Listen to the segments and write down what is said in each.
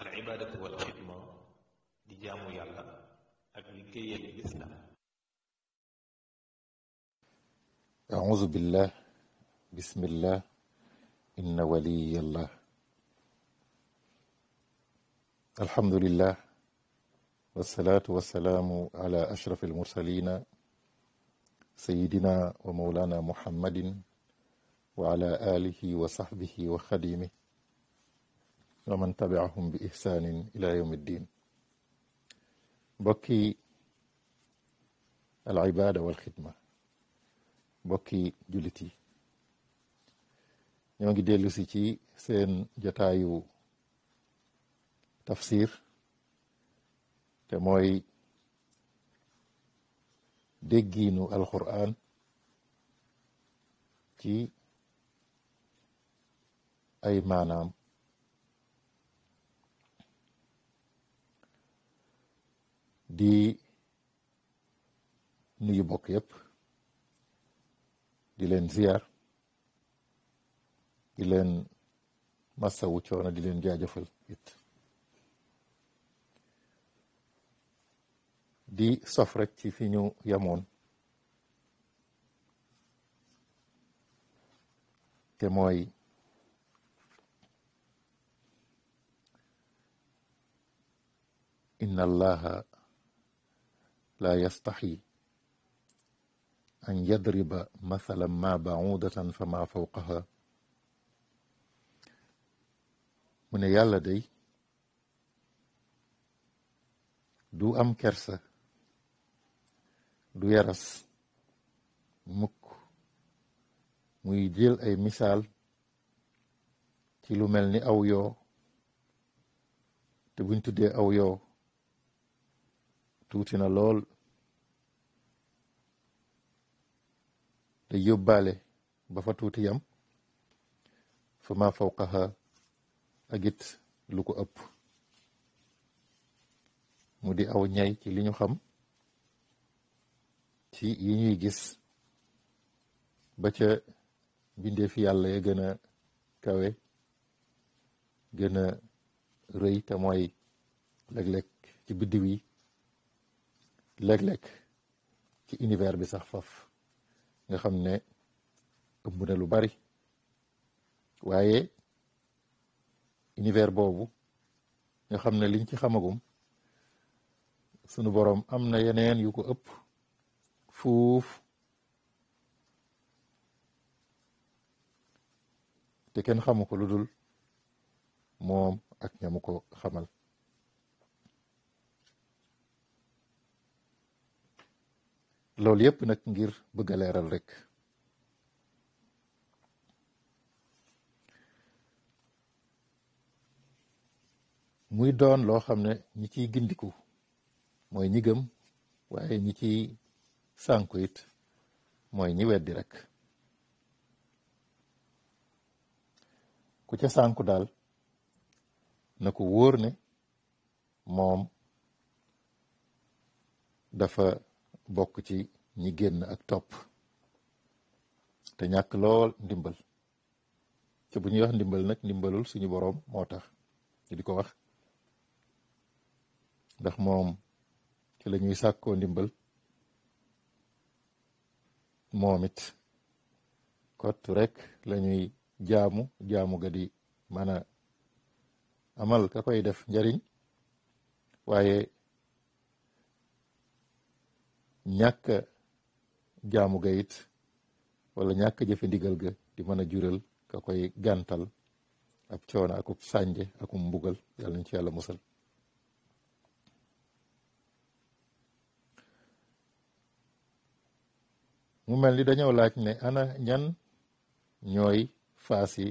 al ibaadatu wal xidma di jaamu yàlla ak liggéeyal lislaam auzu billah bismillah inna waliyallah alhamdulillah wasalaatu wasalaamu ala ashraf almursalina sayidina wa maulana muhammadin wa ala alihi wa sahbihi wa xadimih wa man tabiahum bi ihsanin ila yawm ddin bokki al ibada wal xidma bokki jullit yi ñoo ngi dellusi ci seen jotaayu tafsir te mooy déggiinu alquran ci ay maanaam di nuyu bokk yépp di leen ziar di leen massawu coono di leen jaajëfal it di sof ci fi ñu yamoon te mooy inna allaha لا يستحي أن يضرب مثلا ما بعوضة فما فوقها mu ne yàlla day du am kersa du yaras mu muy jël ay misaal ci lu mel ni aw yoo te buñ tuddee aw yoo tuuti na lool te yóbbaale ba fa tuuti yam fa maa fawqaha ak it lu ko ëpp mu di aw ñay ci li xam ci yi ñuy gis ba ca bindee fi yàlla ya gën a kawe gën a rëy te mooy léeg-léeg ci biddiw léeg-léeg ci univers bi sax faf nga xam ne ëmb lu bari waaye univers boobu nga xam ne liñ ci xamagum sunu boroom am na yeneen yu ko ëpp fuuf te kenn xamu ko lu dul moom ak ñamu ko xamal loolu yëpp nag ngir bëgg a leeral rek muy doon loo xam ne ñi ciy gindiku mooy ñi gëm waaye ñi ciy sànku mooy ñi weddi rek ku ca sànku daal na ko wóor ne moom dafa bokk ci ñi génn ak topp te ñàkk lool ndimbal te bu ñuy wax ndimbal nag ndimbalul suñu boroom moo tax ñu di ko wax ndax moom ci la ñuy sàkkoo ndimbal moom it kott rek la ñuy jaamu jaamu ga di mën a amal ka koy def njariñ waaye ñàkk jaamu ga it wala ñàkk jëfe ndigal ga di mën a jural ka koy gàntal ab coono akub sànje akum mbugal yàlla nañ ci yàlla musal mu mel ni dañoo laaj ne ana ñan ñooy faasi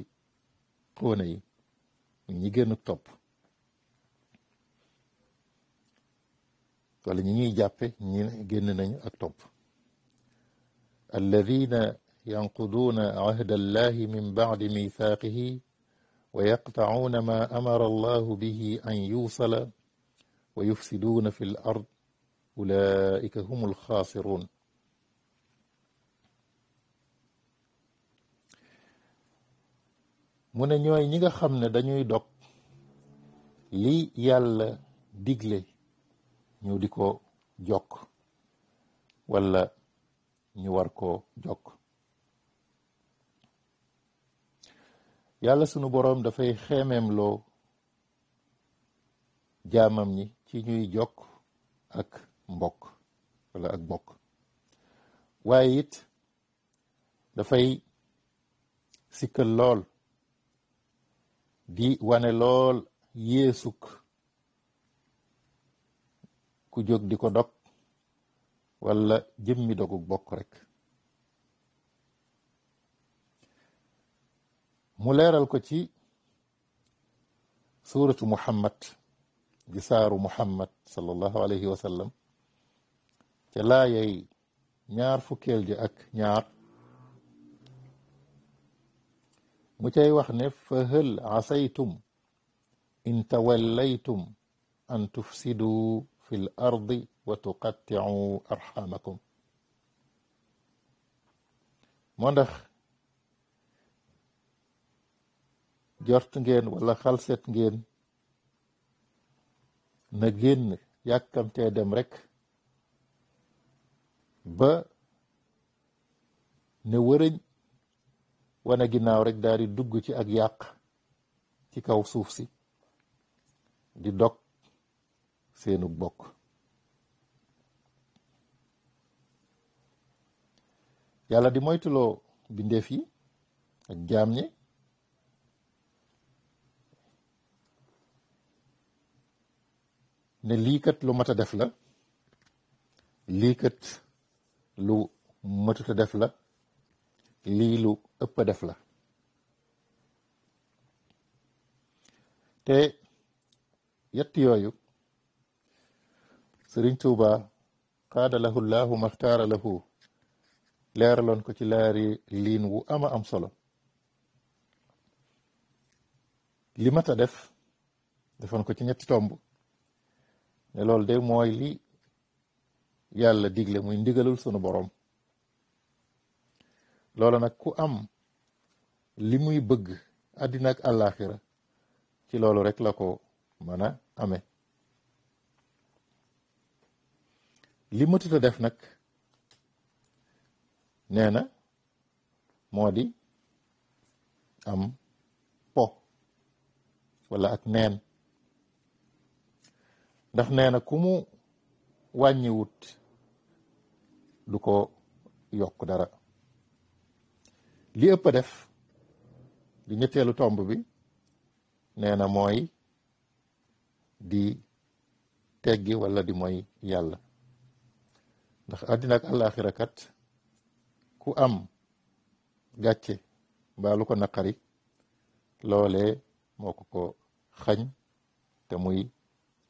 xóone yi ñi gën a topp wala ñi ñuy jàppe ñi génn nañu ak topp alladina yanquduuna ahda allahi min bacdi mithaqihi wa yaqtacuuna ma amara allahu bihi an yuusala wa yufsiduuna fi l ard ulaika hum alxaasiruun mu ne ñooy ñi nga xam ne dañuy dog li yàlla digle ñëw di ko jokk walla ñu war koo jokk yàlla sunu boroom dafay xemem loo jaamam ñi ci ñuy jokk ak mbokk walla ak bokk waaye it dafay sikkal lool di wane lool yéesuk ku di ko dog wala jëmmi dogu bokk rek mu leeral ko ci suuratu muhammad di saaru muhammad sallallahu alayhi wa sallam ca laayay ñaar fukkeel ji ak ñaar mu cay wax ne fa hal asaytum in tawallaytum an tufsiduu في الأرض وتقطعوا أرحامكم moo ndax jort ngeen wala xalset ngeen na génn yàkkamtee dem rek ba ne wërëñ wana ginnaaw rek daal di dugg ci ak yàq ci kaw suuf si di dog seenu bokk yàlla di moytuloo bindeef yi ak jaam ñi ne lii lu mat def la lii lu matut def la lii lu ëpp a def la te yett yooyu sëriñ tuuba xaada lahu laahu maxtaara lahu leeraloon ko ci laari liin wu ama am solo li mat a def defoon ko ci ñetti tomb ne loolu de mooy li yàlla digle muy ndigalul sunu borom loola nag ku am li muy bëgg àddina ak àllaaxira ci loolu rek la ko mën a amee li matut a def nag nee na moo di am po wala ak neen ndax nee na ku mu wàññiwut du ko yokk dara li ëpp def di ñetteelu tomb bi nee na mooy di teggi walla di mooy yàlla ndax àddina ak kat ku am gàcce mbaa ko naqari loole moo ko ko xañ te muy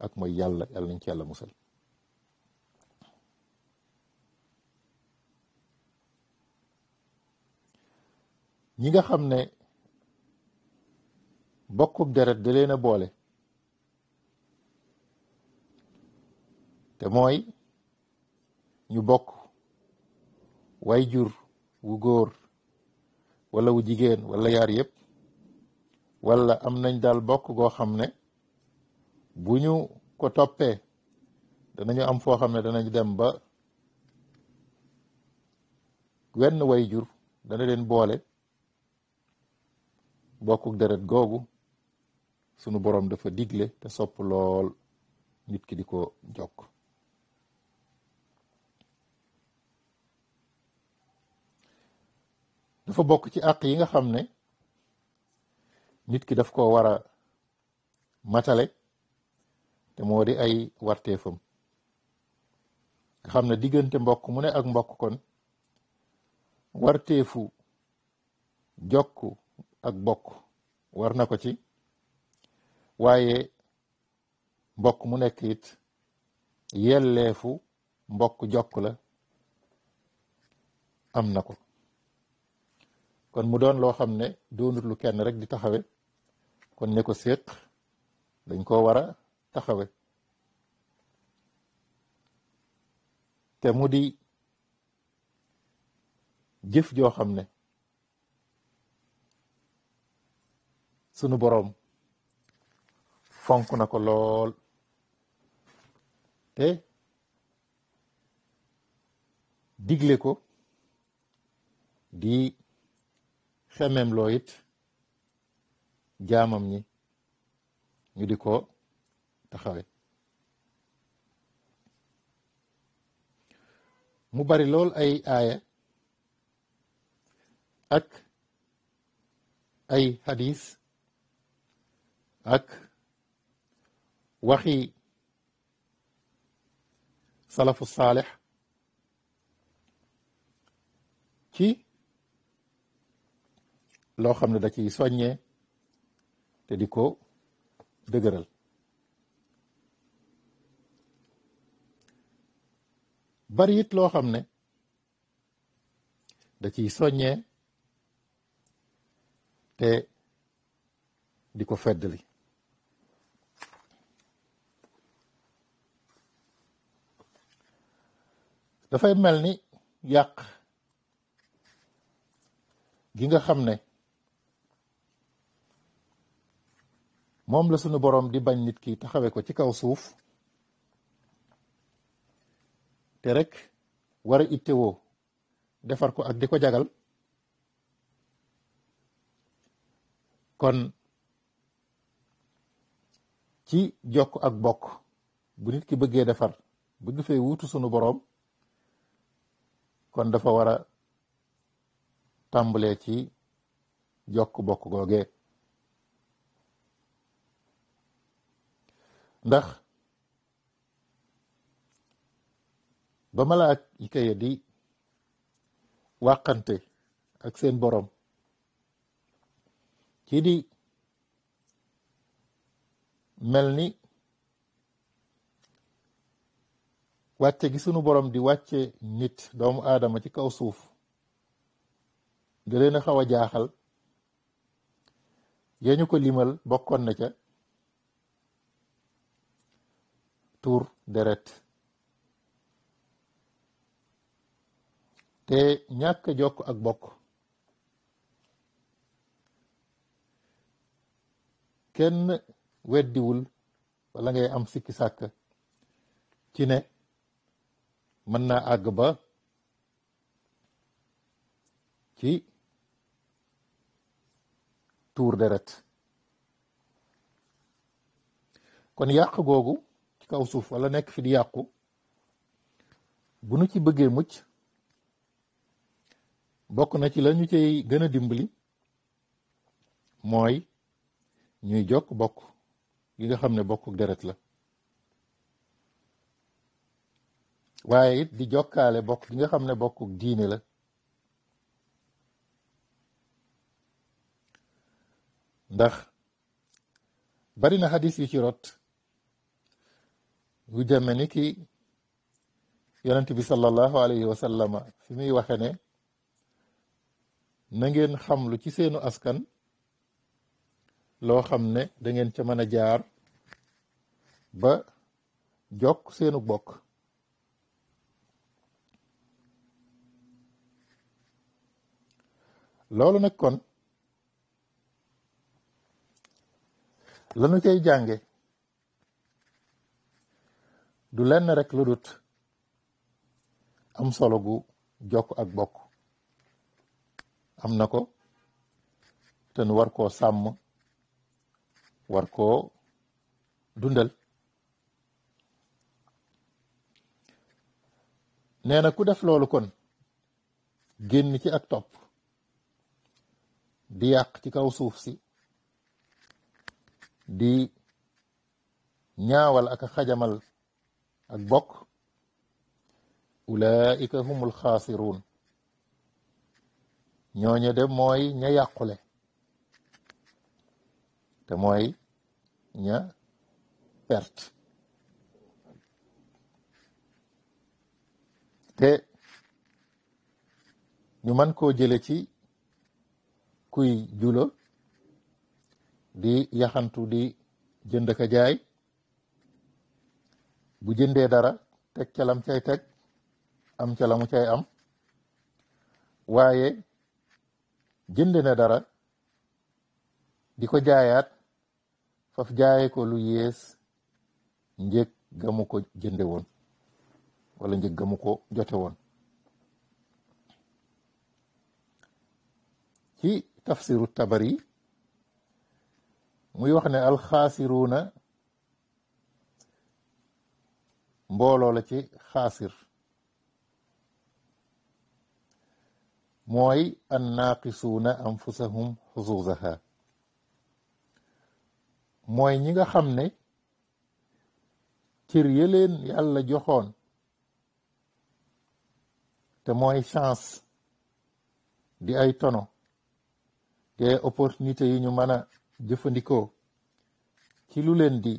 ak mooy yàlla yàlla nañ ci yàlla musal ñi nga xam ne bokkub deret da leen a boole te mooy ñu bokk way jur wu góor wala wu jigéen wala yaar yépp wala am nañ daal bokk goo xam ne bu ñu ko toppee danañu am foo xam ne danañ dem ba wenn way jur dana leen boole bokkuk deret googu sunu borom dafa digle te sopp lool nit ki di ko jokk dafa bokk ci àq yi nga xam ne nit ki daf ko war a matale te moo di ay warteefam nga xam ne diggante mbokk mu ne ak mbokk kon warteefu jokk ak bokk war na ko ci waaye mbokk mu nekk it yelleefu mbokk jokk la am na ko kon mu doon loo xam ne doonut lu kenn rek di taxawe kon ñe ko séq dañ koo war a taxawe te mu di jëf joo xam ne sunu boroom fonk na ko lool te digle ko di xemmeem loo jaamam ñi ñu di ko taxawe mu bari lool ay aaya ak ay hadis ak waxi salafu saalex ci loo xam ne da ciy soññee te di ko dëgëral bari it loo xam ne da ciy soññee te di ko feddali dafay mel ni yàq gi nga xam ne moom la sunu boroom di bañ nit ki taxawee ko ci kaw suuf te rekk wara a ittewoo defar ko ak di ko jagal kon ci jokk ak bokk bu nit ki bëggee defar bëgg fee wuutu sunu boroom kon dafa war a tàmbalee ci jokk bokk googe ndax ba malaaka ya di wàqante ak seen borom ci di mel ni wàcce gi sunu borom di wàcce nit doomu aadama ci kaw suuf da leen a xaw a jaaxal yañu ko limal bokkoon na ca tuur deret te ñàkk jokk ak bokk kenn weddiwul wala ngay am sikki sàkk ci ne mën naa àgg ba ci tuur deret kon yàq googu kaw suuf wala nekk fi di yàqu bu nu ci bëggee mucc bokk na ci la ñu cay gën a dimbali mooy ñuy jokk bokk gi nga xam ne bokk deret la waaye it di jokkaale bokk gi nga xam ne bokk diine la ndax bari na xadis yu ci rot bu jëme ni ki yonent bi sallallahu alayhi wa sallama fi muy waxe ne na ngeen xamlu ci seenu askan loo xam ne da ngeen mën a jaar ba jokk seenu bokk loolu nag kon lanu cay jànge du lenn rekk lu dut am solo gu jokk ak bokk am na ko te nu war koo sàmm war koo dundal nee ku def loolu kon génn ci ak topp di yàq ci kaw suuf si di ñaawal ak xajamal ak bokk ulaika humul xaasiruun ñooñu de mooy ña yàqule te mooy ña pert te ñu mën koo jële ci kuy julo di yaxantu di jënd ka jaay bu jëndee dara teg calam cay teg am calamu cay am waaye jënd na dara di ko jaayaat faf jaaye lu yées njëg gamu jënde woon wala njëg gamu ko jote woon ci tafsiru tabari muy wax ne alxaasiruuna mbooloo la ci xaasir mooy an naaqisuuna anfusahum xusuusaha mooy ñi nga xam ne cër yëleen yàlla joxoon te mooy chance di ay tono di opportunité yi ñu mën a jëfandikoo ci lu leen di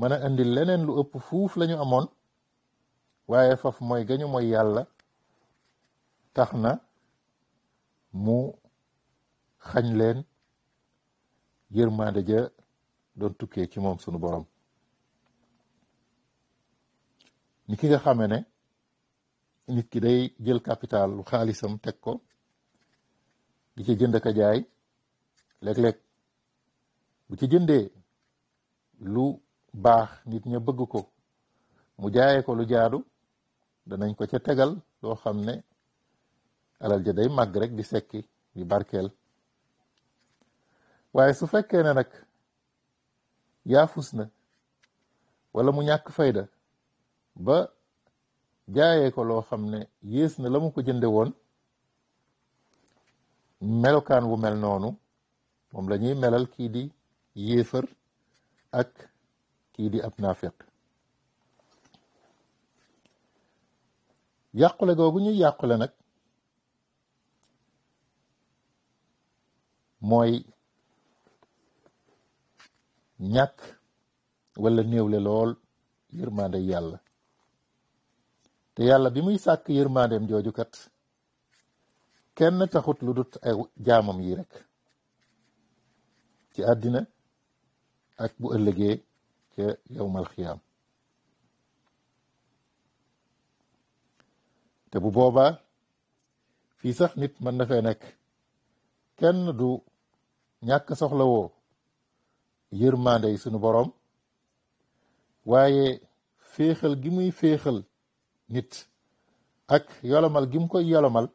mën a indi leneen lu ëpp fuuf lañu amoon waaye faf mooy gañu mooy yàlla tax na mu xañ leen yërmaande ja doon tukkee ci moom sunu borom ni nga xame ne nit ki day jël capital xaalisam teg ko di ci jënd ka jaay léeg-léeg bu ci jëndee lu baax nit ñu bëgg ko mu jaayee ko lu jaadu danañ ko ca tegal loo xam ne alal ja day màgg rek di sekki di barkeel waaye su fekkee ne rek yaafus na wala mu ñàkk fayda ba jaayee ko loo xam ne yées na la mu ko jënde woon melokaan wu mel noonu moom la ñuy melal kii di yéefar ak kii di ab naafiq yàqule googu ñuy yàqule nag mooy ñàkk wala néewle lool yërmaande yàlla te yàlla bi muy sàkk yërmaandeem joojukat kenn taxut lu dut ay jaamam yi rek ci àddina ak bu ëllëgee ذلك يوم alxiyaam te bu boobaa fii sax nit man na fee nekk kenn du ñàkk soxlawoo yërmande yi sunu boroom waaye féexal gi muy nit ak yolomal gim mu koy yolomal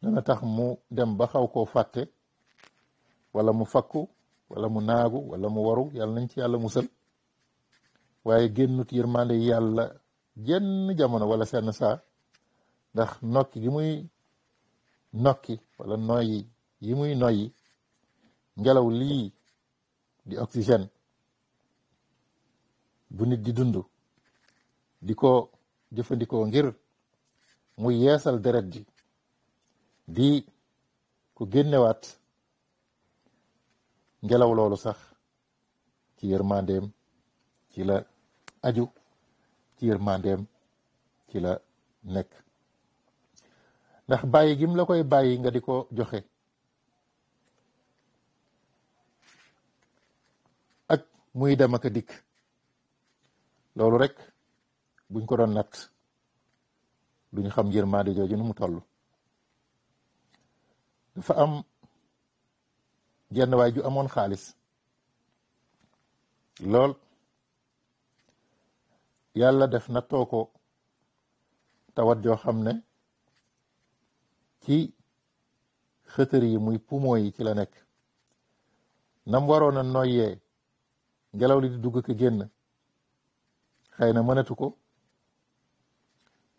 dana tax mu dem ba xaw koo fàtte wala mu fakku wala mu naagu wala mu waru yàlla nañ ci yàlla musal waaye génnut yërmande yàlla jenn jamono wala senn sa ndax nokki gi muy nokki wala noyyi yi muy noyyi ngelaw lii di oxygène bu nit di dund di ko jëfandikoo ngir mu yeesal deret ji di ko génnewaat ngelaw loolu sax ci yërmandeem ci la aju ci yërmandeem ci la nekk ndax bàyyi gim la koy bàyyi nga di ko joxe ak muy dem ak a dikk loolu rek buñ ko doon natt duñ xam yërmande jooju nu mu toll dafa am jenn waay ju amoon xaalis lool yàlla def na too ko tawat joo xam ne ci xëtër yi muy poumon yi ci la nekk nam waroon a noyyee ngelaw li dugg ko génn xëy na mënatu ko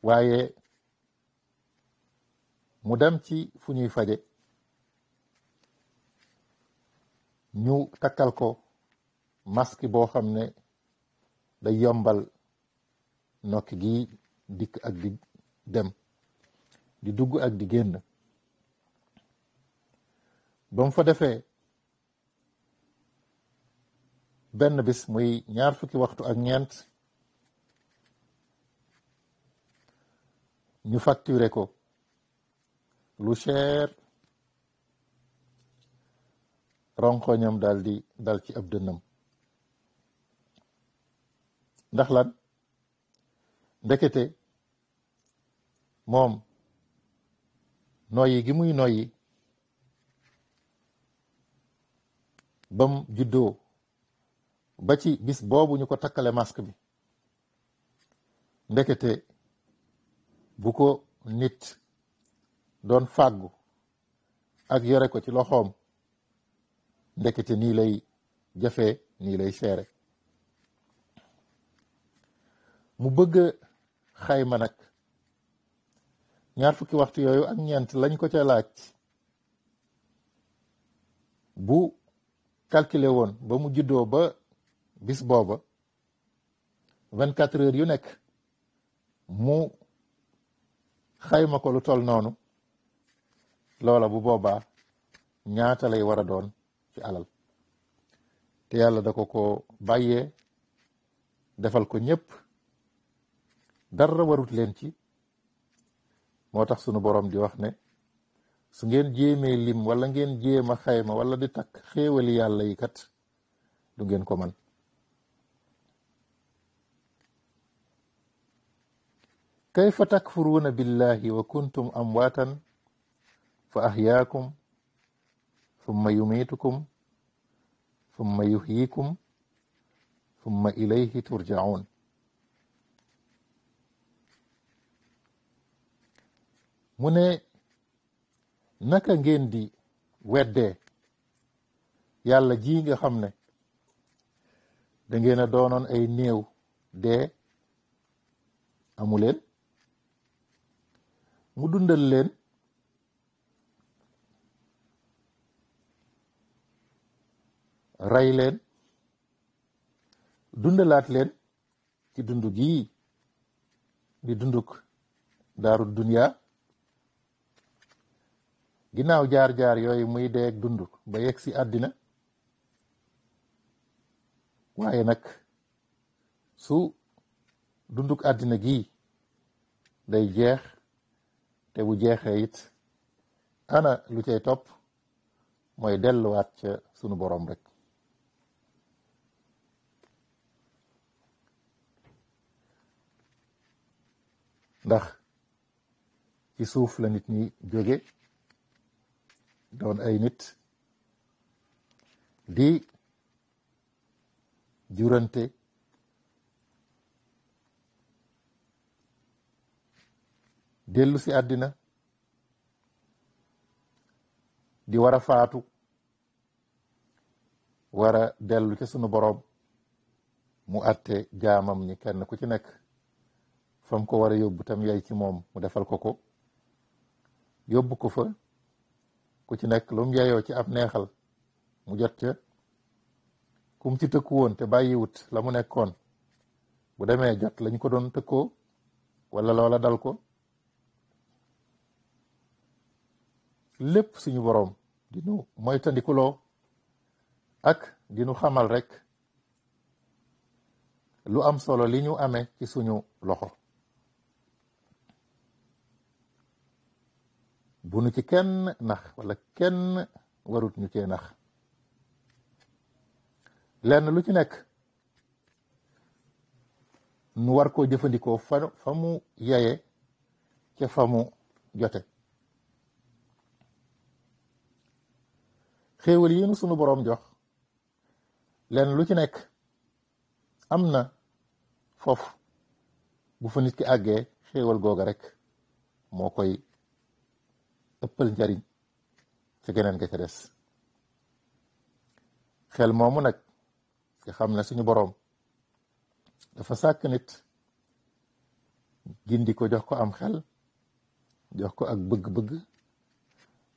waaye mu dem ci fu ñuy faje ñu takkal ko masque boo xam ne day yombal nokki gi dikk ak di dem di dugg ak di génn ba mu fa defee benn bis muy ñaar fukki waxtu ak ñeent ñu facturé ko lu cher ronkoñam daal di dal ci ab dënnam ndax lan ndekete moom noyyi gi muy noyyi bam juddoo ba ci bis boobu ñu ko takkale mask bi ndekete bu ko nit doon faggu ak yore ko ci loxoom ndekete nii lay jafe nii lay seere mu bëgg xayma nag ñaar fukki waxtu yooyu ak ñeent lañ ko ca laaj bu calculer woon ba mu juddoo ba bis booba vingt quatre heures yu nekk mu xayma ko lu tol noonu loola bu boobaa ñaata lay war a doon ci alal te yàlla da ko ko bàyyee defal ko ñépp dara warut leen ci moo tax sunu borom di wax ne su ngeen jéemee lim walla ngeen jéem a xayma wala di takk xéewali yàlla yi kat du ngeen ko man kayfa takfuruuna billahi wa kuntum amwaatan fa ahyaakum summa yumiitukum summa yuhyikum summa ilayhi turjaun mu ne naka ngeen di weddee yàlla ji nga xam ne da ngeen a doonoon ay néew dee amu leen mu dundal leen rey leen dundalaat leen ci dund gii di dunduk daaru dunya ginnaaw jaar-jaar yooyu muy deeg dund ba yegg si àddina waaye nag su dunduk àddina gi day jeex te bu jeexee it ana lu cay topp mooy delluwaat ca sunu borom rek ndax ci suuf la nit ñi jóge doon ay nit di jurante dellu si àddina di war a faatu wara a dellu ca sunu boroom mu atte jaamam ñi kenn ku ci nekk fam ko war a yóbbu tam yay ci moom mu defal ko ko yóbbu ko fa ku ci nekk lu mu yeyoo ci ab neexal mu jot kum ci tëkku woon te bàyyiwut la mu nekkoon bu demee jot lañ ko doon tëkkoo walla loola dal ko lépp suñu boroom dinu moytandikuloo ak dinu xamal rekk lu am solo li ñu amee ci suñu loxo bu nu ci kenn nax wala kenn warut ñu cee nax lenn lu ci nekk nu war koo jëfandikoo fa fa mu yaye ca fa mu jote xéewal yi nu sunu boroom jox lenn lu ci nekk am na foofu bu fa nit àggee xéewal googa rek moo koy ëppal njariñ ca geneen ga ca des xel moomu nag nga xam ne suñu boroom dafa sàkk nit gindi ko jox ko am xel jox ko ak bëgg-bëgg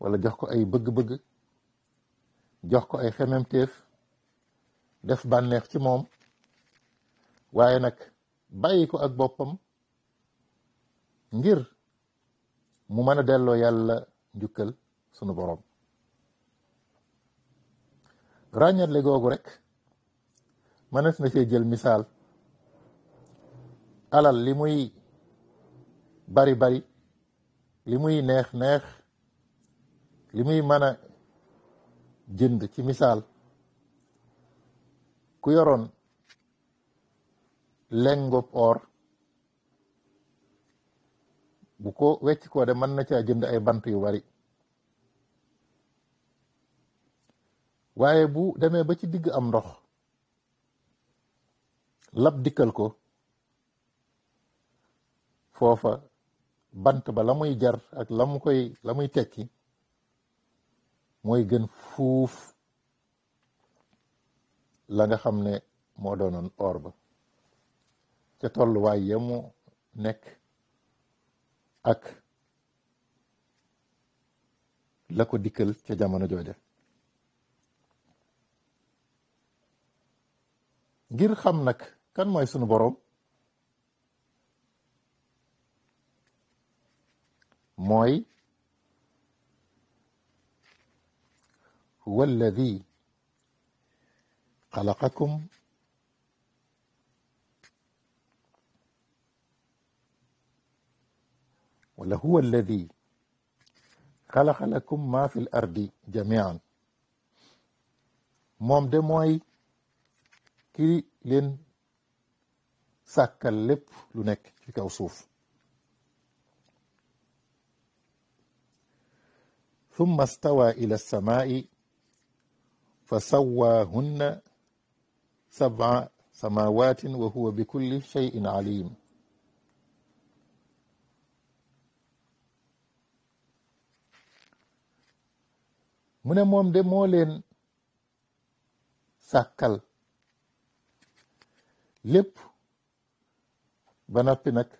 wala jox ko ay bëgg-bëgg jox ko ay xememteef def bànneex ci moom waaye nag bàyyi ko ak boppam ngir mu mën a delloo yàlla njukkal sunu boroom ràññatle googu rek mënees na cee jël misaal alal li muy bari bari li muy neex neex li muy mën a jënd ci misaal ku yoroon lengob or bu ko wecc koo de mën na caa jënd ay bant yu bari waaye bu demee ba ci digg am ndox lab dikkal ko foofa bant ba la muy jar ak la mu koy la muy tekki mooy gën fuuf la nga xam ne moo doonoon or ba ca tolluwaay ya mu nekk ak la ko dikkal ca jamono jooja ngir xam nag kan mooy sunu boroom mooy huwa alladi xalaqakum wala huwa alladi xalaqa lakum ma fi l ardi jamian moom de mooy ki leen sàkkal lépp lu nekk ci kaw suuf summa stawa ila samaai fa sawaahunna sab'a samaawatin wa huwa bi kulli shay'in alim mu ne moom de moo leen sàkkal lépp ba noppi nag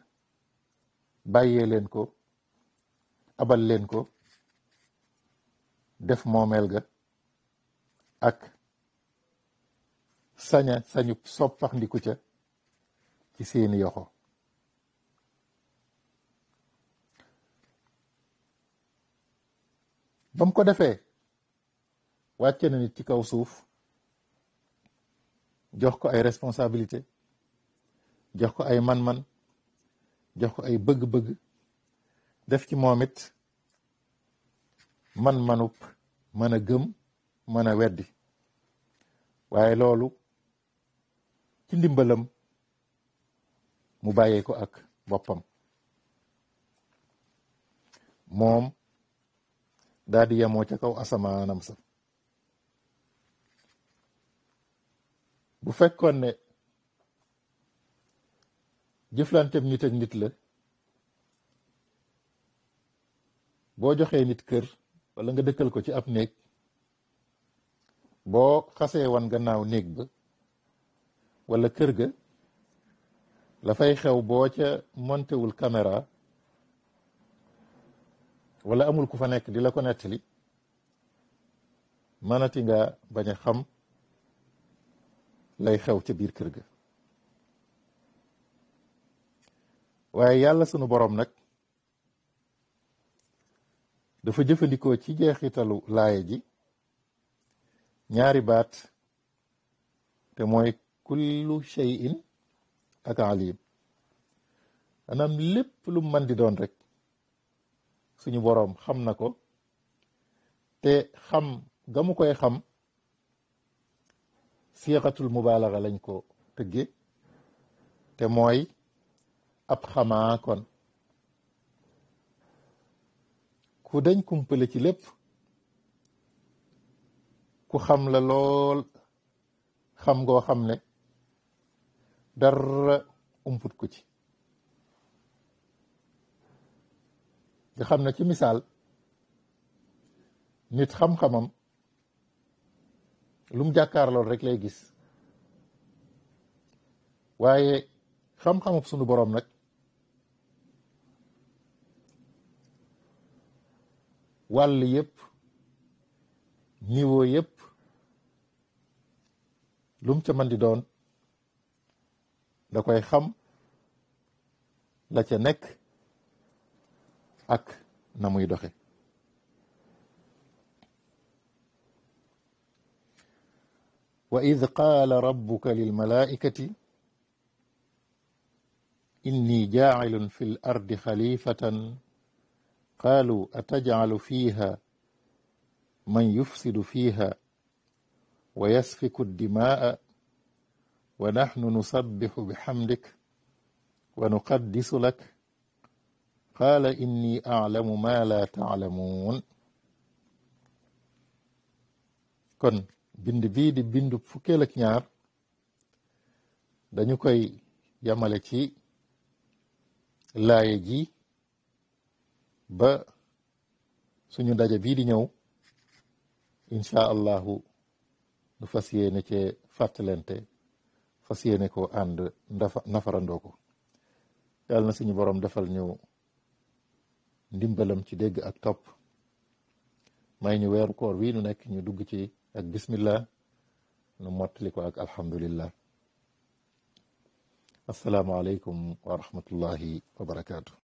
bàyyee leen ko abal leen ko def moomeel ga ak saña sañu soppax ca ci seeni yoxo ba mu ko defee wàcce na nit ci kaw suuf jox ko ay responsabilité jox ko ay man-man jox ko ay bëgg-bëgg def ci moom it man-manub mën a gëm mën a weddi waaye loolu ci ndimbalam mu bàyyee ko ak boppam moom daal di yemoo ca kaw asamaanam sa bu fekkoon ne jëflanteem nit ak nit la boo joxee nit kër walla nga dëkkal ko ci ab néeg boo xasee wan gannaaw néeg ba walla kër ga la fay xew boo ca montewul caméra walla amul ku fa nekk di la ko nettali manati nga bañ a xam lay xew ca biir kër ga waaye yàlla sunu boroom nag dafa jëfandikoo ci jeexitalu laaya ji ñaari baat te mooy kullu shay'in ak alim maanaam lépp lu man di doon rek suñu boroom xam na ko te xam ga koy xam siixatul mubaalaxa lañ ko tëgge te mooy ab xamaa kon ku dañ kumpale ci lépp ku xam la lool xam ngoo xam ne dara umput ko ci nga xam ne ci missaal nit xam-xamam lum mu jàkkaar lool rek lay gis waaye xam-xamub sunu boroom nag wàll yépp niveau yépp lum ca mën di doon da koy xam la ca nekk ak na muy doxe وإذ قال ربك للملائكة إني جاعل في الأرض خليفة قالوا أتجعل فيها من يفسد فيها ويسفك الدماء ونحن نسبح بحمدك ونقدس لك قال إني أعلم ما لا تعلمون كن bind bii di bindu fukkeel ak ñaar dañu koy yamale ci laaye ji ba suñu ndaje bii di ñëw incha allahu nu fas yéene cee fàttalente fas yéene ko ànd ndafa nafarandoo ko yàlla na suñu borom defal ñu ndimbalam ci dégg ak topp may ñu weeru koor wi nu nekk ñu dugg ci ak bismillah nu mottali ko ak alhamdulillah asalaamaaleykum wa rahmatullahi wa barakaatu.